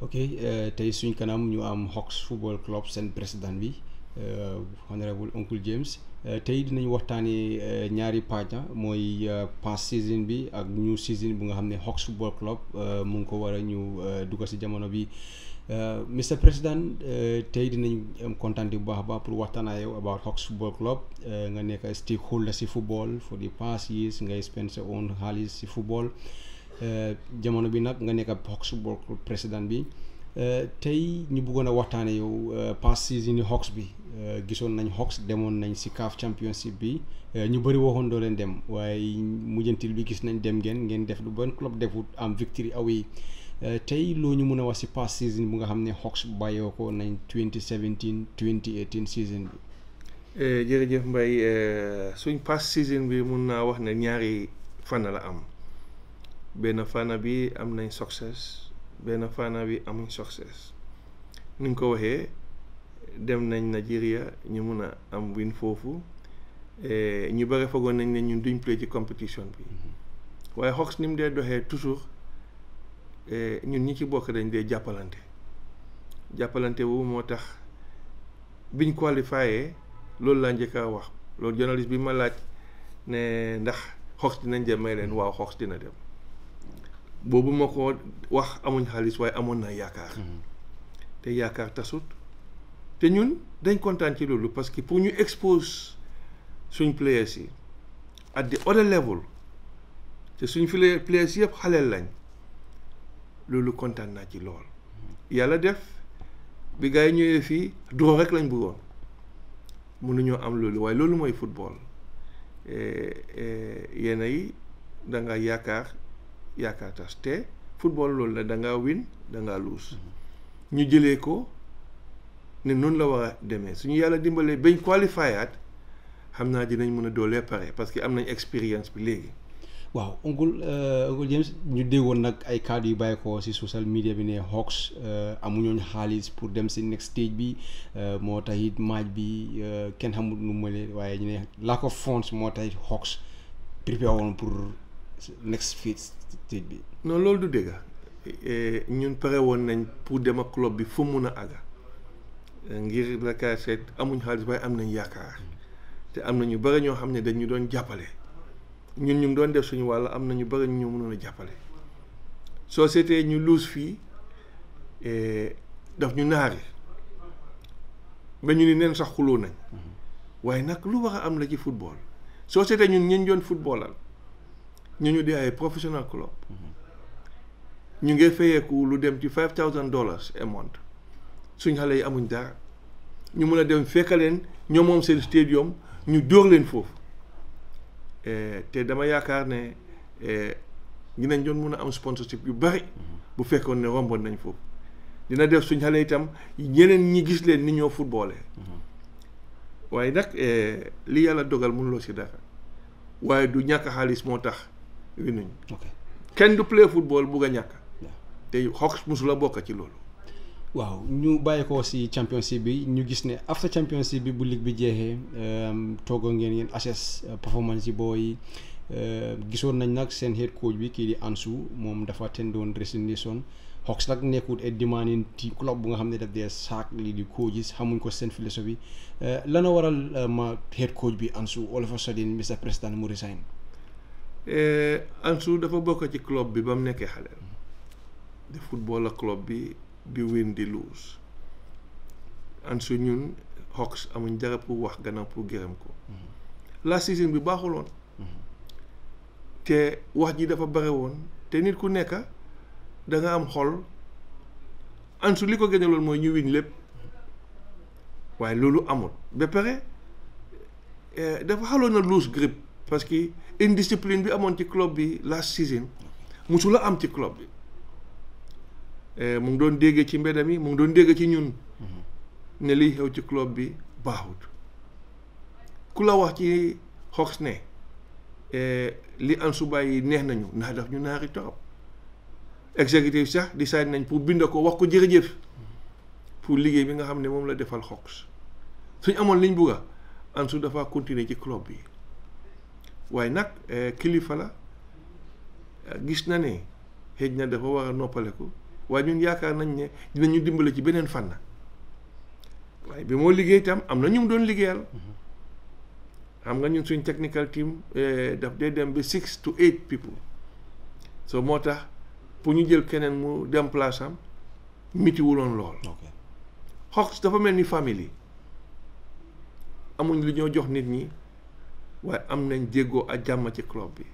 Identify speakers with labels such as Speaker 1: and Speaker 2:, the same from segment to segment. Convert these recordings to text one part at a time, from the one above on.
Speaker 1: ok euh, tey suñ kanam ñu am Hawks Football Club seen président bi euh, honorable Uncle James euh, tey dinañu waxtaanee ñaari pàcca mooy past season bi ak new season bu nga xam ne Hawks Football Club mu ngi ko war a ñu dugg si jamono bi Mr President tey dinañ am kontaan baax a baax pour waxtaan ak yow about Hawks Football Club nga nekk stakeholder si football for the past years ngay spend sa own xaalis si football. Euh, jamono bi nag nga nekk ab Hawks bokk président bi euh, tey ñu buggoon a waxtaane yow euh, past season yi Hawks bi gisoon nañ Hawks demoon nañ si CAF championship bi ñu bëri waxoon doo leen dem waaye mujjantil bi gis nañ dem ngeen ngeen def lu bon club defut am victory away tey loo ñu mun a wax si past season bu nga xam ne Hawks bàyyoo ko nañ 2017 2018 season bi.
Speaker 2: jërëjëf Mbaye suñ past season bi mun naa wax ne ñaari fan la am. benn fana bi am nañ success benn fànna bi amuñ success nuñ ko waxee dem nañ Nigeria ñu mun a am win foofu eh, ñu bëri foogoon nañ ni ñun duñ play ci compétition bi mm-hmm. waaye Hawks ni mu dee doxee toujours eh, ñun ñi ci bokk dañ dee jàppalante jàppalante boobu moo tax biñ qualifié loolu laa njëkk a wax loolu journaliste bi ma laaj ne ndax Hawks dinañ dem may leen waaw Hawks dina dem boobu ma ko wax amuñ xaalis waaye amoon naa yaakaar mhm. te yaakaar tasut te ñun dañ kontaan ci loolu parce que pour ñu expose suñ players yi at the other level te suñ file players yëpp xaleel lañ loolu kontaan naa ci lool mhm. yàlla def bi gars yi ñëwee fii doo rek lañ bëggoon mënuñoo am loolu waaye loolu mooy football eh, eh, yenn yi da yaakaar yaakaar tas te football loolu la da ngaa win da luus mhm. ñu jëlee ko ne noonu la war a demee suñu yàlla dimbalee bañ qualifiaat xam naa ji dinañ mën a doolee pare parce que am nañ expérience bi léegi.
Speaker 1: waaw Uncle Uncle euh, James ñu déggoon nag ay kàddu yu bàyyi ko si social media bi ne Hawks euh, amuñu xaalis pour dem si next stage bi euh, moo tax it match bi kenn xamul nu mu waaye ñu ne lack of funds moo tax it Hawks woon pour. next feed stage bi. non loolu du dégg
Speaker 2: e, ñun pare woon nañ pour dem ak club bi fu mun a àgga ngir Dakar seet amuñ xaalis waaye am nañ yaakaar te am na ñu bëri ñoo xam ne dañ doon jàppale ñun ñu ngi doon def suñu wàll am na ñu bëri ñu ñu mënoon a jàppale soo seetee ñu luus fii e, daf ñu naari ba ñu ni neen sax xuloo nañ mm-hmm. waaye nag lu wax a am la ci football soo seetee ñun ñeen doon footballal. ñu ñu di ay professional club ñu ngi fayeeku lu dem ci five thousand dollars a month suñ xale yi amuñ dara ñu mën a dem fekkaleen ñoom moom seen stadium ñu dóor leen foofu eh, te dama yaakaar ne eh, dinañ doon mën a am sponsorship yu bari bu fekkoon ne romboon nañ foofu dina def suñ xale itam ñeneen ñi gis leen ni ñoo footballé waaye nag eh, li yàlla dogal mënuloo si dara waaye du ñàkk xaalis moo tax win nañu kenn du play football bugg a ñàkk te Hawks la bokk ci loolu
Speaker 1: waaw ñu bàyyi ko si championship bi ñu gis ne after championship bi bu ligue bi jeexee um, toogo ngeen ngeen assess uh, performance yi booy yi uh, gisoon nañ nag seen head coach bi kii di Ansu moom dafa tendoon resignation Hawks nag nekkul et demanding ci club bu nga xam ne daf dee saak lii di yi xamuñ ko seen philosophie uh, lana waral ma head coach bi Ansu all a sudden Mr President mu resign
Speaker 2: Eh, Ansu dafa bokk ci club bi ba mu nekkee xale de football la club bi bi win di lose Ansu ñun Hawks amuñ dara pour wax gannaaw pour gërëm ko mm-hmm. last season bi baaxuloon mm-hmm. te wax ji dafa bare woon te nit ku nekk danga am xol Ansu li ko gënaloon mooy ñu win lépp waaye loolu amul ba pare eh, dafa xaloon na lose grip parce que indiscipline bi amoon ci club bi last season musula am ci club bi eh, mu ngi doon déggee ci mbedd mi mu ngi doon déggee ci ñun mm-hmm. ne liy xew ci club bi baaxut ku la wax ci Hawks ne eh, li su bàyyi neex nañu ndax daf ñu naari torop exécutif sax décide nañ pour bind a ko wax ko jërëjëf pour liggéey bi nga xam ne moom la defal Hawks suñ amoon liñ bugga Ansou dafa continuer ci club bi waaye nag eh, kilifa la gis na ne xëj na dafa war a noppaleku waaye ñun yaakaar nañ ne dinañu dimbale ci beneen fànn waaye bi moo liggéey tam am na ñu mu doon liggéeyal xam nga ñun suñ technical team eh, daf dee dem bi six to eight people so moo tax pour ñu jël keneen mu dem place am mitiwuloon lool xox dafa mel ni famille amuñ lu ñoo jox nit ñi waaye am nañ jéggoo ak jàmm ci club bi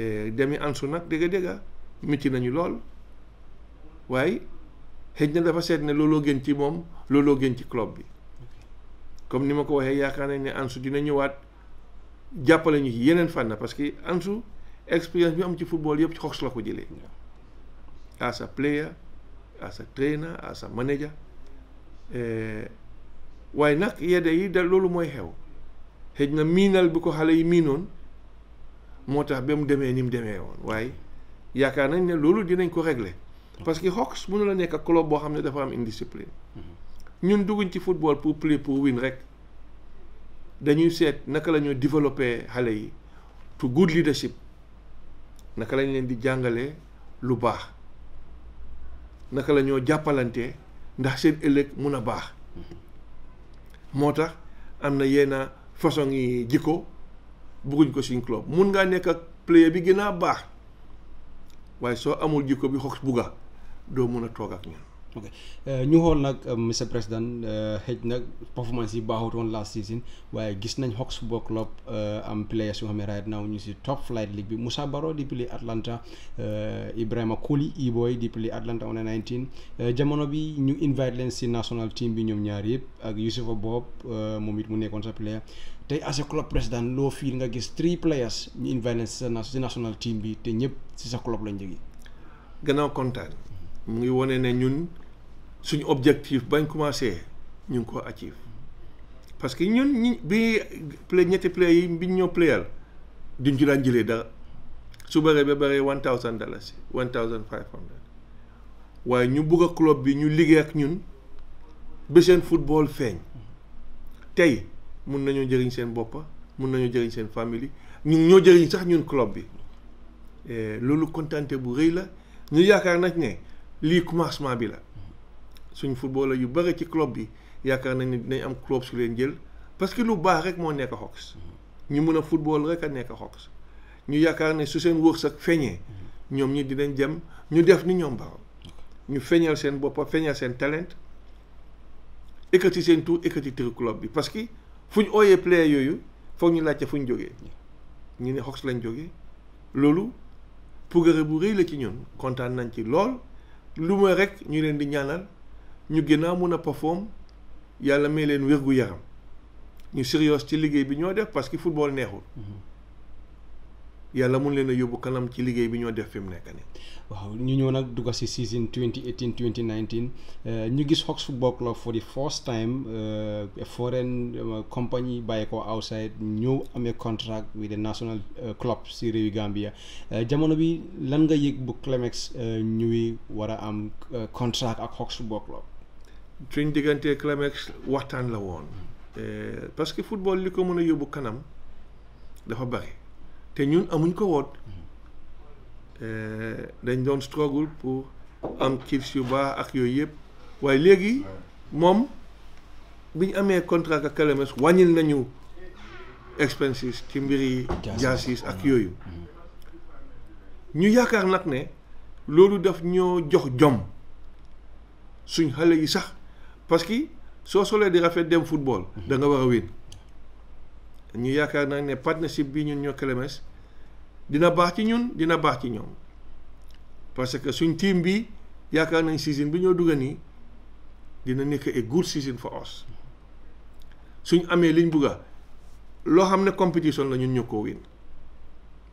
Speaker 2: eh, demi ansu nag dégga dégga miti nañu lool waaye xëj na dafa seet ne looloo gën ci moom looloo gën ci club bi comme ni ma ko waxee yaakaar nañ ne ansu dina ñëwaat jàppale ñu ci yeneen fànn parce que ansu expérience bi am ci football yëpp ci xox la ko jëlee as a player as a trainer as manager eh, waaye nag yedde yi da loolu mooy xew xëj na miinal bi ko xale yi miinoon moo tax ba mu demee ni mu demee woon waaye yaakaar nañ ne loolu dinañ ko régler parce que Hawks mënu la nekk ak club boo xam ne dafa am indiscipline ñun dugguñ ci football pour play pour win rek dañuy seet naka la ñoo développé xale yi to good leadership naka lañ leen di jàngale lu baax naka la ñoo jàppalantee ndax seen ëllëg mun a baax moo tax am na yenn façon yi jikko bugguñ ko suñ club mun ngaa nekk ak player bi gën a baax waaye soo amul jikko bi xox bugga doo mun a toog ak ñun
Speaker 1: ok euh, ñu xool nag euh, monsieur président euh, xëj nag performance yi baaxut last season waaye gis nañ Hawks Football Club am players yoo xam ne right ñu si top flight league bi Moussa Baro di play Atlanta Ibrahima Koli Iboy di play Atlanta on 19 jamono bi ñu invite leen si national team bi ñoom ñaar yëpp ak Youssoufa Bob moom it mu nekkoon sa player tey as a club président loo fii nga gis three players ñu invite leen si national team bi te ñëpp si sa club lañ jógee.
Speaker 2: suñu objectif bañ commencé ñu ngi ko active parce que ñun ñi bi play ñetti play yi biñ ñoo playal duñ ci daan jëlee dara su bëree ba bëree one thousand dollars one thousand five hundred waaye ñu bugg a club bi ñu liggéey ak ñun ba seen football feeñ tey mun nañoo jëriñ seen bopp mun nañoo jëriñ seen famille ñu ñoo jëriñ sax ñun club bi eh, loolu kontaante bu rëy la ñu yaakaar nag ne lii commencement bi la suñ footballeur yu bëri ci club bi yaakaar nañ ni dinañ am club su leen jël parce que lu baax rek moo nekk Hawks ñu mun a football rek a nekk Hawks ñu yaakaar ne su seen wërsëg feeñee ñoom ñi dinañ jëm ñu def ni ñoom baro ñu feeñal seen boppa feeñal seen talent ekkati seen tour ekkati turu club bi parce que fu ñu ooyee player yooyu foog ñu laajte fu ñu jógee ñu ne Hawks lañ jóge loolu pugare bu rëy la ci ñun kontaan nañ ci lool lu mooy rek ñu leen di ñaanal ñu gën a mun a perform yàlla may leen wér gu yaram ñu sérieux ci liggéey bi ñoo def parce que football neexul. yàlla mun leen a yóbbu
Speaker 1: kanam ci liggéey bi ñoo def fi mu nekk nii. waaw ñu ñëw nag dugg si season 2018 2019 eh, ñu gis Hawks Football Club for the first time eh, foreign eh, company bàyyi ko outside ñëw amee contract with the national club si réewi Gambia jamono bi lan nga yëg bu Clemex ñuy war a am contract ak Hawks Football
Speaker 2: suñ diggantee Clemex waxtaan la woon eh, parce que football li ko mën a yóbbu kanam dafa bari te ñun amuñ ko woon eh, dañ doon struggle pour am kids yu baax ak yooyu yëpp waaye léegi moom bi amee contrat ak Clemex wàññil nañu expenses ci mbiri jaasis ak ah. yooyu mm-hmm. ñu yaakaar nag ne loolu daf ñoo jox jom suñ xale yi sax parce que soo solee di rafet dem football. da nga war a win. ñu yaakaar naa ne partnership bi ñun ñoo Clemes dina baax ci ñun dina baax ci ñoom parce que suñ team bi yaakaar nañ season bi ñoo dugga nii dina nekk a good season for us suñ amee liñ bugga loo xam ne compétition la ñun ñoo ko win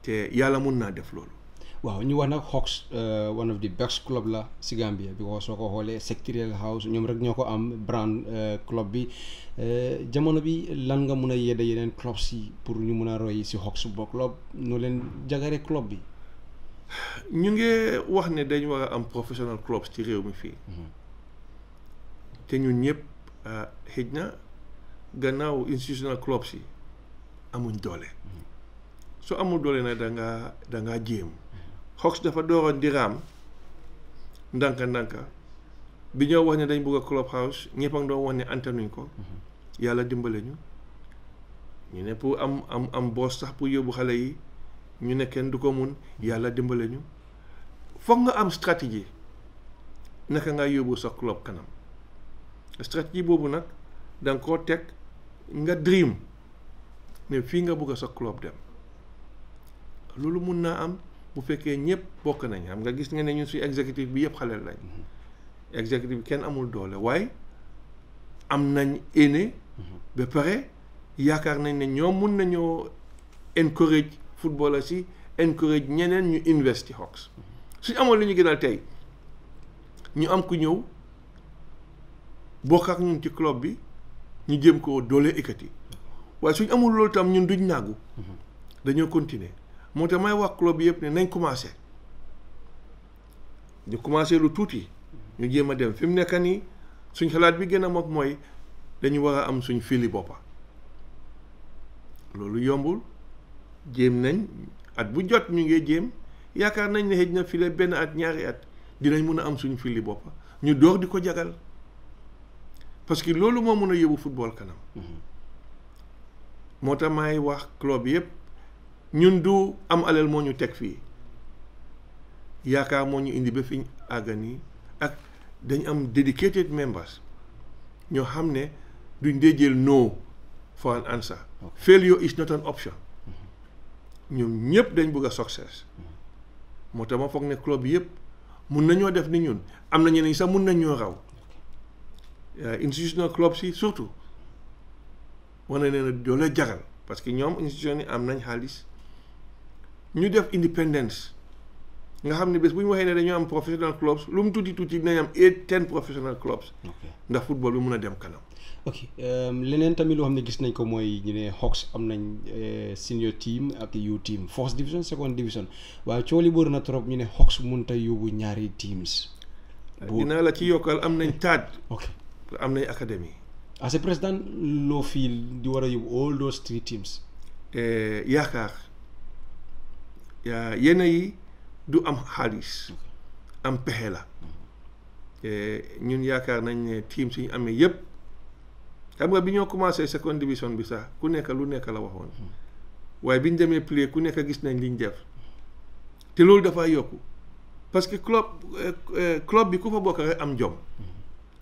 Speaker 2: te yàlla mun naa def
Speaker 1: loolu. waaw ñu wax nag Hawks euh, one of the best club la si Gambia because soo ko xoolee sectorial house ñoom rek ñoo ko am brand euh, club bi euh, jamono bi lan nga mun a yedda yeneen clubs yi pour ñu mun a roy si Hawks football club noo leen jagare club bi
Speaker 2: ñu ngi wax ne dañ war am professional clubs ci réew mi fii mhm. te ñun ñëpp xëj na gannaaw institutional clubs yi amuñ doole mhm. soo amul doole na da ngaa da ngaa jéem Hawks dafa dooroon di raam ndànka ndànka bi ñoo wax ne dañ bëgg a clubhouse ñëpp a ngi doon wax ne antanuñ ko mhm. yàlla dimbale ñu ñu ne pour am am am boos sax pour yóbbu xale yi ñu ne kenn du ko mun yàlla dimbale ñu foog nga am stratégie naka nga yóbbu sa club kanam stratégie boobu nag danga koo teg nga dream ne fii nga bëgg a sa club dem loolu mun naa am bu fekkee ñëpp bokk nañ xam nga gis nga ne ñun suñu exécutif bi yëpp xaleel lañ exécutif bi kenn amul doole waaye am nañ aîné ba pare yaakaar nañ ne ñoom mun nañoo encourage footballers si encourage ñeneen ñu invest ci Hawks suñ amoon li ñu gënal tey ñu am ku ñëw bokk ak ñun ci club bi ñu jëm ko doole ikkati waaye suñ amul loolu tam ñun duñ naagu mhm. dañoo continuer moo tax may wax club yëpp ne nañ commencé ñu commencé lu tuuti ñu jéem a dem fi mu nekk nii suñ xalaat bi gën a mag mooy dañu war a am suñ fili boppa loolu yombul jéem nañ at bu jot ñu ngi jéem yaakaar nañ ne xëj na file benn at ñaari at dinañ mun a am suñ fili boppa ñu door di ko jagal parce que loolu moo mën a yóbbu football kanam mm-hmm. moo tax maay wax club yëpp ñun du am alal moo ñu teg fii yaakaar moo ñu indi ba fi àgga ak dañ am dedicated members ñoo xam ne duñ dee jël no for an answer failure is not an option ñoom ñëpp dañ bëgg a success moo tax ma foog ne club yëpp mun nañoo def ni ñun am na ñeneen sax mun nañoo raw euh, institutional club si surtout wane ne na doole jagal parce que ñoom institution yi am nañ xaalis ñu def independence nga xam ne bés bu ñu waxee ne dañoo am professional clubs lu mu tuuti tuuti dinañ am eight ten professional clubs.
Speaker 1: ndax football bi mun a dem kanam. ok euh, leneen tamit loo xam ne gis nañ ko mooy ñu ne Hawks am nañ euh, senior team ak U team first division second division waaye coow li bëri na trop ñu ne Hawks mënut a yóbbu ñaari teams. dinaa
Speaker 2: la ci yokkal am nañ taaj. ok am nañ académie.
Speaker 1: ah c'est président loo fii di war a yóbbu
Speaker 2: all those three teams. Eh, yaakaar. yenn yi du am xaalis am pexe la te eh, ñun yaakaar nañ ne team suñu amee yëpp xam nga bi ñoo commencé seconde division bi sax ku nekk lu nekk la waxoon hmm. waaye bi ñu demee play ku nekk gis nañ liñ def te loolu dafay yokku parce que club eh, eh, club bi ku fa bokk rek am jom hmm.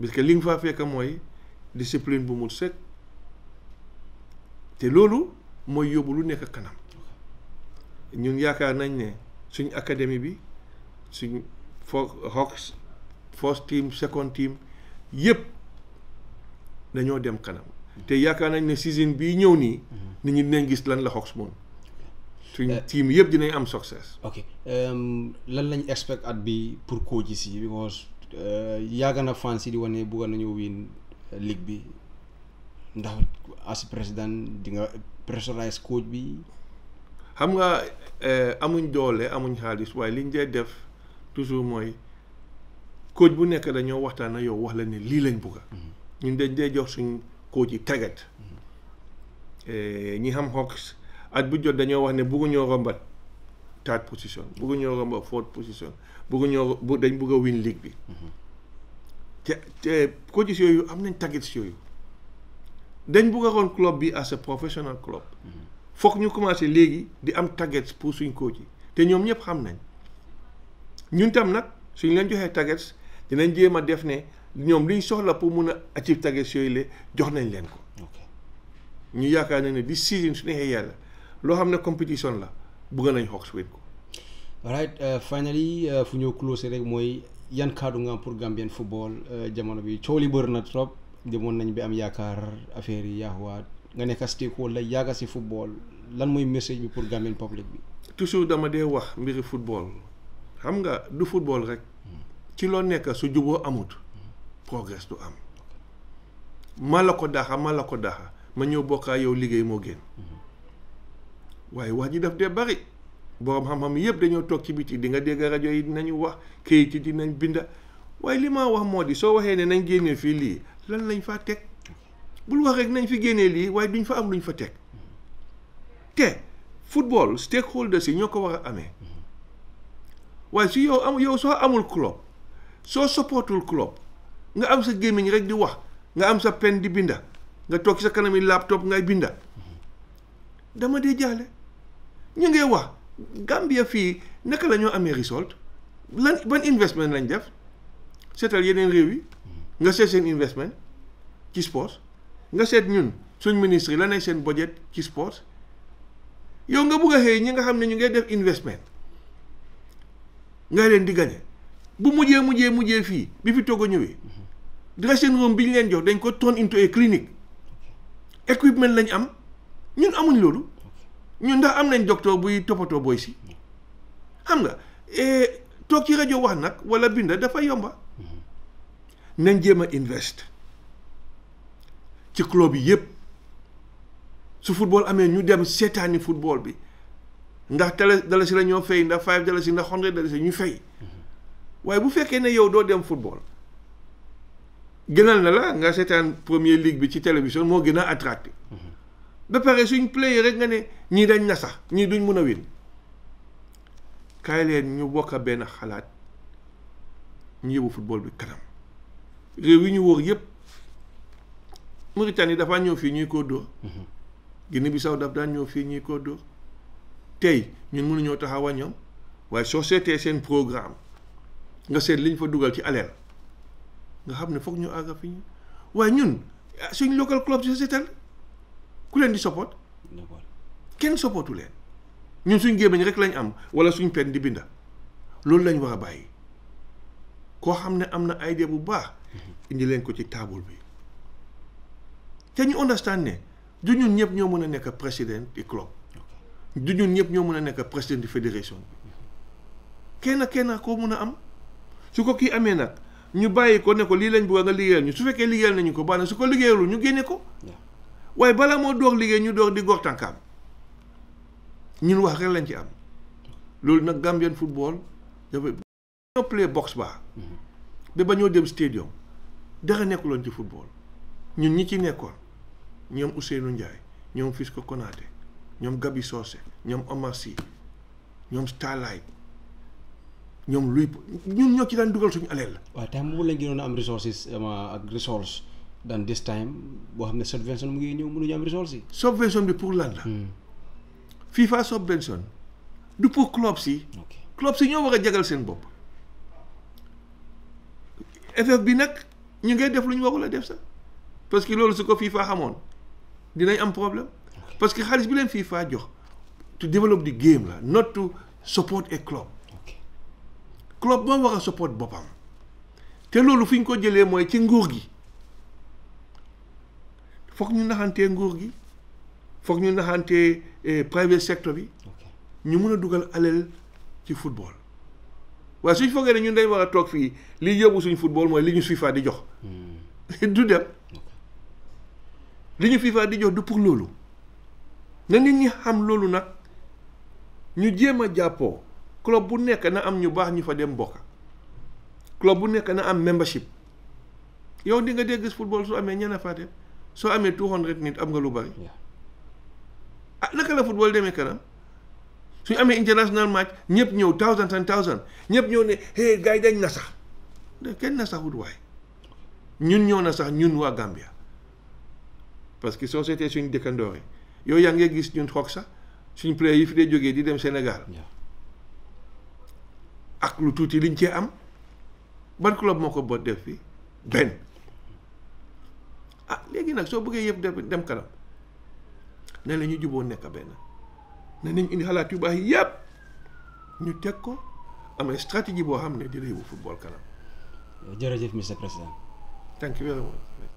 Speaker 2: parce que li nga faa fekk mooy discipline bu mu set te loolu mooy yóbbu lu nekk kanam. ñun yaakaar nañ ne suñ académie bi suñ fo Hawks first team second team yëpp dañoo dem kanam te yaakaar nañ ne season bii ñëw nii mhm. nit ñu dinañ gis lan la Hawks moom
Speaker 1: suñ euh, team yëpp dinañ am success ok euh, lan lañ expect at bi pour coaches yi because euh, yàgg na fans yi di wane bugga nañu win league bi ndax as président di nga coach bi xam nga eh, amuñ doole
Speaker 2: amuñ xaalis waaye liñ dee def toujours mooy coach bu nekk dañoo waxtaan ak yow wax la ne lii lañ bugga mm-hmm. ñun dañ dee jox suñ coach yi tàggat mm-hmm. eh, ñi xam Hawks at bu jot dañoo wax ne bugguñoo rombat third position bugguñoo rombat fourth position bugguñoo dañ bugg a win league bi mm-hmm. te te coaches yooyu am nañ tàggat yooyu dañ bugg a roon club bi as a professional club foog ñu commencé léegi di am targets pour suñ koo yi te ñoom ñëpp xam nañ ñun tam nag suñ leen joxee targets dinañ jéem a def ne ñoom liñ soxla pour mun a achieve targets yooyu le jox nañ leen ko. ñu yaakaar nañ ne di season su neexee yàlla loo xam ne compétition la bëgg nañ Hawks win
Speaker 1: ko. right euh, finally euh, fu ñëw close rek mooy yan kàddu nga am pour Gambian football euh, jamono bi coow li bëri na trop demoon nañ bi am yaakaar affaire yi yaaxuwaat. nga nekk stakeholder yàgga si football lan mooy message bi pour Gambian public bi. toujours dama dee wax mbiri
Speaker 2: football xam nga du football rek ci loo nekk su juboo amut progrès du am ma la ko daxa ma la ko daxa ma ñëw bokkaa yow liggéey moo génn waaye wax ji daf dee bari borom xam-xam yëpp dañoo toog ci biti di nga dégg rajo yi dinañu wax kayit yi dinañ binda waaye li ma wax moo di soo waxee ne nañ génnee fii lii lan lañ faa teg. bul wax rek nañ fi génnee lii waaye duñ fa am luñ fa teg te football stakeholders yi ñoo ko war a amee waaye si yow am yow soo amul club soo supportul club nga am sa gémmiñ rek di wax nga am sa pen di binda nga toog sa kanami laptop ngay binda dama dee jaale ñu ngay wax Gambia fii naka lañoo ñoo amee result lan ban investment lañ def seetal yeneen réew yi nga seet seen investment ci sport nga seet ñun suñ ministre yi la nekk seen budget ci sport yow nga bugg a xëy ñi nga xam ne ñu ngay def investment nga leen di gañe bu mujjee mujjee mujjee fii bi fi toog a ñëwee seen room bi ñu leen jox dañ ko turn into a clinique équipement lañ am ñun amuñ loolu ñun ndax am nañ docteur buy toppatoo booy si xam nga eh, toog ci rajo wax nag wala binda dafa yomba nañ jéem a invest ci club yi yëpp su football amee ñu dem seetaani football bi ndax tele dalasi la ñoo fay ndax five dalasi ndax hundred dalasi ñu fay mm-hmm. waaye bu fekkee ne yow doo dem football gënal na la nga seetaan premier league bi ci télévision moo gën a attracté mm-hmm. ba pare suñ player rek nga ne ñii dañ na sax ñii duñ mën a win kaay leen ñu bokk benn xalaat ñu yóbbu football bi kanam réew yi ñu wóor yëpp. Mauritanie dafaa ñëw fii ñuy ko dóor. bi Bissau daf daan ñëw fii ñuy ko dóor. tey ñun mënuñoo taxaw a ñoom waaye soo seetee seen programme nga seet liñ fa dugal ci aleel nga xam ne foog ñu àgga fi ñu waaye ñun ah, suñ local club si seetal ku leen di support. kenn supportu ñun suñ gémmiñ rek lañ am wala suñ pen di binda loolu lañ war a bàyyi koo xam ne am na idée bu baax mhm. indi leen ko ci taabul bi. te ñu understand ne du ñun ñëpp ñoo mën a nekk président du club du ñun ñëpp ñoo mën a nekk président du fédération kenn kenn koo mën a am su ko kii amee nag ñu bàyyi ko nekko lii lañ bëgg nga liggéeyal ñu su fekkee liggéeyal nañu ko baax na su ko liggéeyalul ñu génne ko waaye balaa moo door liggéey ñu door di góor tànkaam ñun wax rek lañ ci am loolu nag Gambian football dafa ñoo play box baa ba mm-hmm. ba ñoo dem stadium dara nekkuloon ci football ñun ñi ci nekkoon ñoom Ousseynou Ndiaye ñoom Fisco Konaté ñoom Gabi Socé ñoom Omar Sy ñoom Starlight
Speaker 1: ñoom luy ñun ñoo ci daan dugal suñu aleel la. waaw te xam la gënoon a am resources ak resource dans this time boo xam ne subvention mu ngi ñëw mënuñu am resource yi. subvention bi pour lan la. Hmm. FIFA subvention du pour clubs yi. ok
Speaker 2: clubs yi ñoo war a jagal seen bopp. FF bi nag ñu ngay def lu ñu warul def sax parce que loolu su ko FIFA xamoon. dinañ am problème parce que xaalis bi leen FIFA jox to develop di game la not to support a club club moo war a support boppam te loolu fi ñu ko jëlee mooy ci nguur gi foog ñu naxantee nguur gi foog ñu naxantee eh, private sector bi ñu mun a dugal alal ci football waaye suñ foogee ne ñun dañ war a toog fii li yóbbu suñu football mooy li ñu FIFA di jox hmm. du dem li ñu FIFA di jox du pour loolu na nit ñi xam loolu nag ñu jéem a jàppoo club bu nekk na am ñu baax ñu fa dem bokk club bu nekk na am membership yow di nga dee gis football su amee ñenn faate soo amee two hundred nit am nga lu bari ah naka la football demee kanam suñu amee international match ñëpp ñëw thousand and thousand ñëpp ñëw ne hey gars yi dañ na sax kenn na saxut waaye ñun ñoo na sax ñun waa Gambia. parce que soo seetee suñ dëkkandoo yi yow yaa ngi gis ñun xoog sax suñu play yi fi dee jógee di dem Sénégal ak lu tuuti liñ cee am ban club moo ko boot def fi benn ah léegi nag soo bëggee yëpp def dem kanam ne la ñu juboo nekk benn ne nañ indi xalaat yu baax yëpp ñu teg
Speaker 1: ko amee stratégie boo xam ne dina yóbbu football kanam. jërëjëf monsieur le thank you very much.